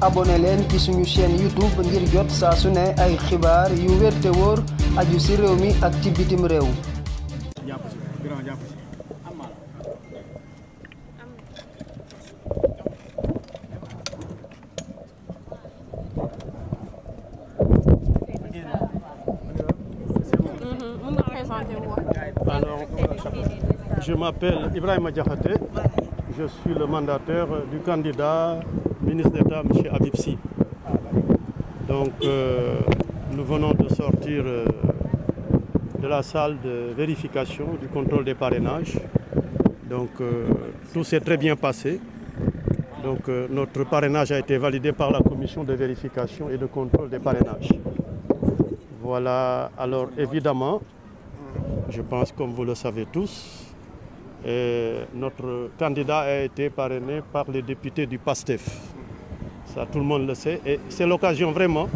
abonné leen ci suñu chaîne YouTube ngir jot saa su ne ay xibaar yu wér aju ci réew mi ak ci bitim réew. je suis le mandataire du candidat ministre d'État, M. Abipsi. Donc, euh, nous venons de sortir euh, de la salle de vérification du contrôle des parrainages. Donc, euh, tout s'est très bien passé. Donc, euh, notre parrainage a été validé par la commission de vérification et de contrôle des parrainages. Voilà, alors évidemment, je pense comme vous le savez tous, Et notre candidat a été parrainé par les députés du PASTEF. Ça, tout le monde le sait. Et c'est l'occasion vraiment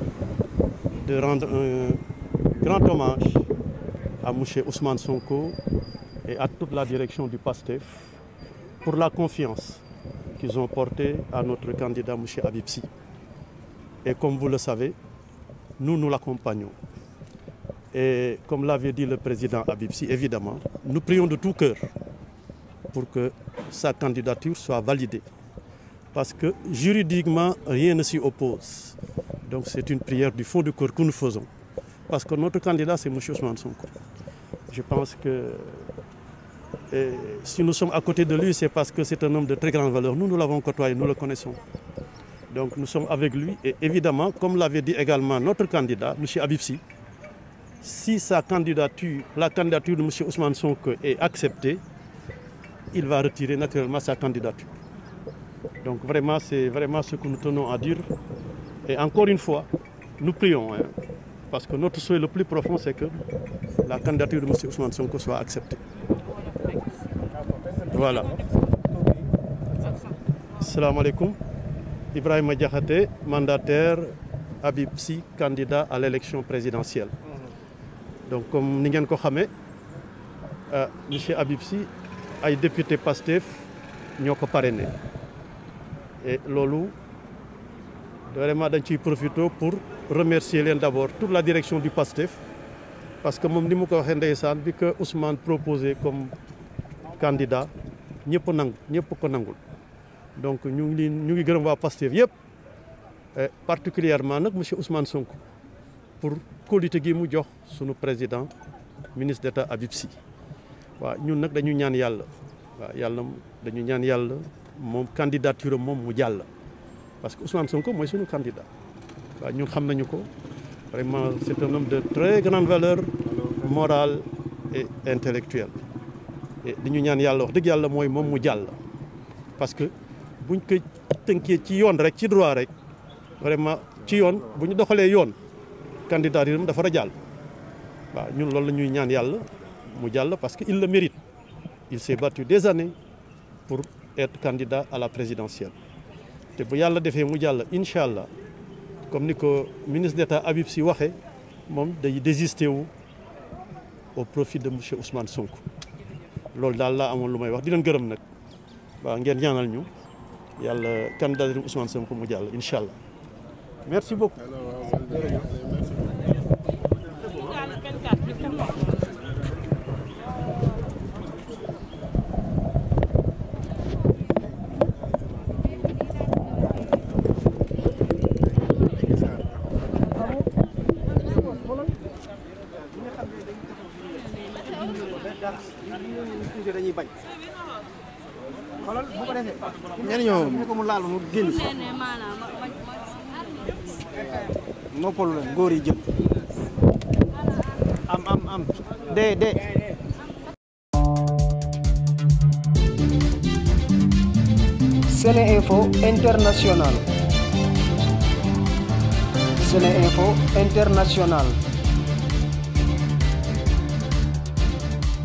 de rendre un grand hommage à M. Ousmane Sonko et à toute la direction du PASTEF pour la confiance qu'ils ont portée à notre candidat M. Abipsi. Et comme vous le savez, nous, nous l'accompagnons. Et comme l'avait dit le président Abipsi, évidemment, nous prions de tout cœur pour que sa candidature soit validée. Parce que juridiquement, rien ne s'y oppose. Donc c'est une prière du fond du cœur que nous faisons. Parce que notre candidat, c'est M. Ousmane Sonko. Je pense que si nous sommes à côté de lui, c'est parce que c'est un homme de très grande valeur. Nous, nous l'avons côtoyé, nous le connaissons. Donc nous sommes avec lui. Et évidemment, comme l'avait dit également notre candidat, M. Abibsi, si sa candidature, la candidature de M. Ousmane Sonko est acceptée, il va retirer naturellement sa candidature. Donc vraiment, c'est vraiment ce que nous tenons à dire. Et encore une fois, nous prions, parce que notre souhait le plus profond, c'est que la candidature de M. Ousmane Sonko soit acceptée. Voilà. Salam alaikum. Ibrahim Diakhaté, mandataire, Habib Sy, candidat à l'élection présidentielle. Donc comme vous le savez, M. Habib Sy ay député Pastef ñoo ko parrainé e loolu vraiment dañ ciy profito pour remercier leen d'abord toute la direction du Pastef parce que moom ni mu ko waxee ndeysaan bi ko Ousmane proposé comme candidat ñëpp nangu ñëpp ko nangul donc ñu ngi leen ñu ngi gërëm waa Pastef yëpp particulièrement nag monsieur Ousmane Sonko pour kóolute gi mu jox sunu président ministre d'État Habib Sy waaw ñun nag dañuy ñaan yàlla waaw yàlla dañu ñaan yàlla moom candidature moom mu jàll parce que Ousmane ko mooy suñu candidat waaw ñun xam nañu ko vraiment c'est un homme de très grande valeur morale et intellectuelle et li ñaan yàlla wax dëgg yàlla mooy moom mu jàll parce que buñ ko tënkee ci yoon rek ci droit rek vraiment ci yoon bu ñu doxalee yoon candidature am dafa war a jàll waaw ñun loolu lañuy ñaan yàlla mu jàll parce que il le mérite il s'est battu des années pour être candidat à la présidentielle te bu yàlla defee mu jàll incha allah comme ni ko ministre d'État Habib si waxee moom day désister wu au profit de monsieur Ousmane Sonko loolu daal laa amoon lu may wax di leen gërëm nag waaw ngeen ñaanal ñu yàlla candidature Ousmane Sonko mu jàll incha allah merci beaucoup. Alors, bañ. xoolal mu laal mu génn. noppalu leen góor yi am am am dee dee. SeneInfo International SeneInfo International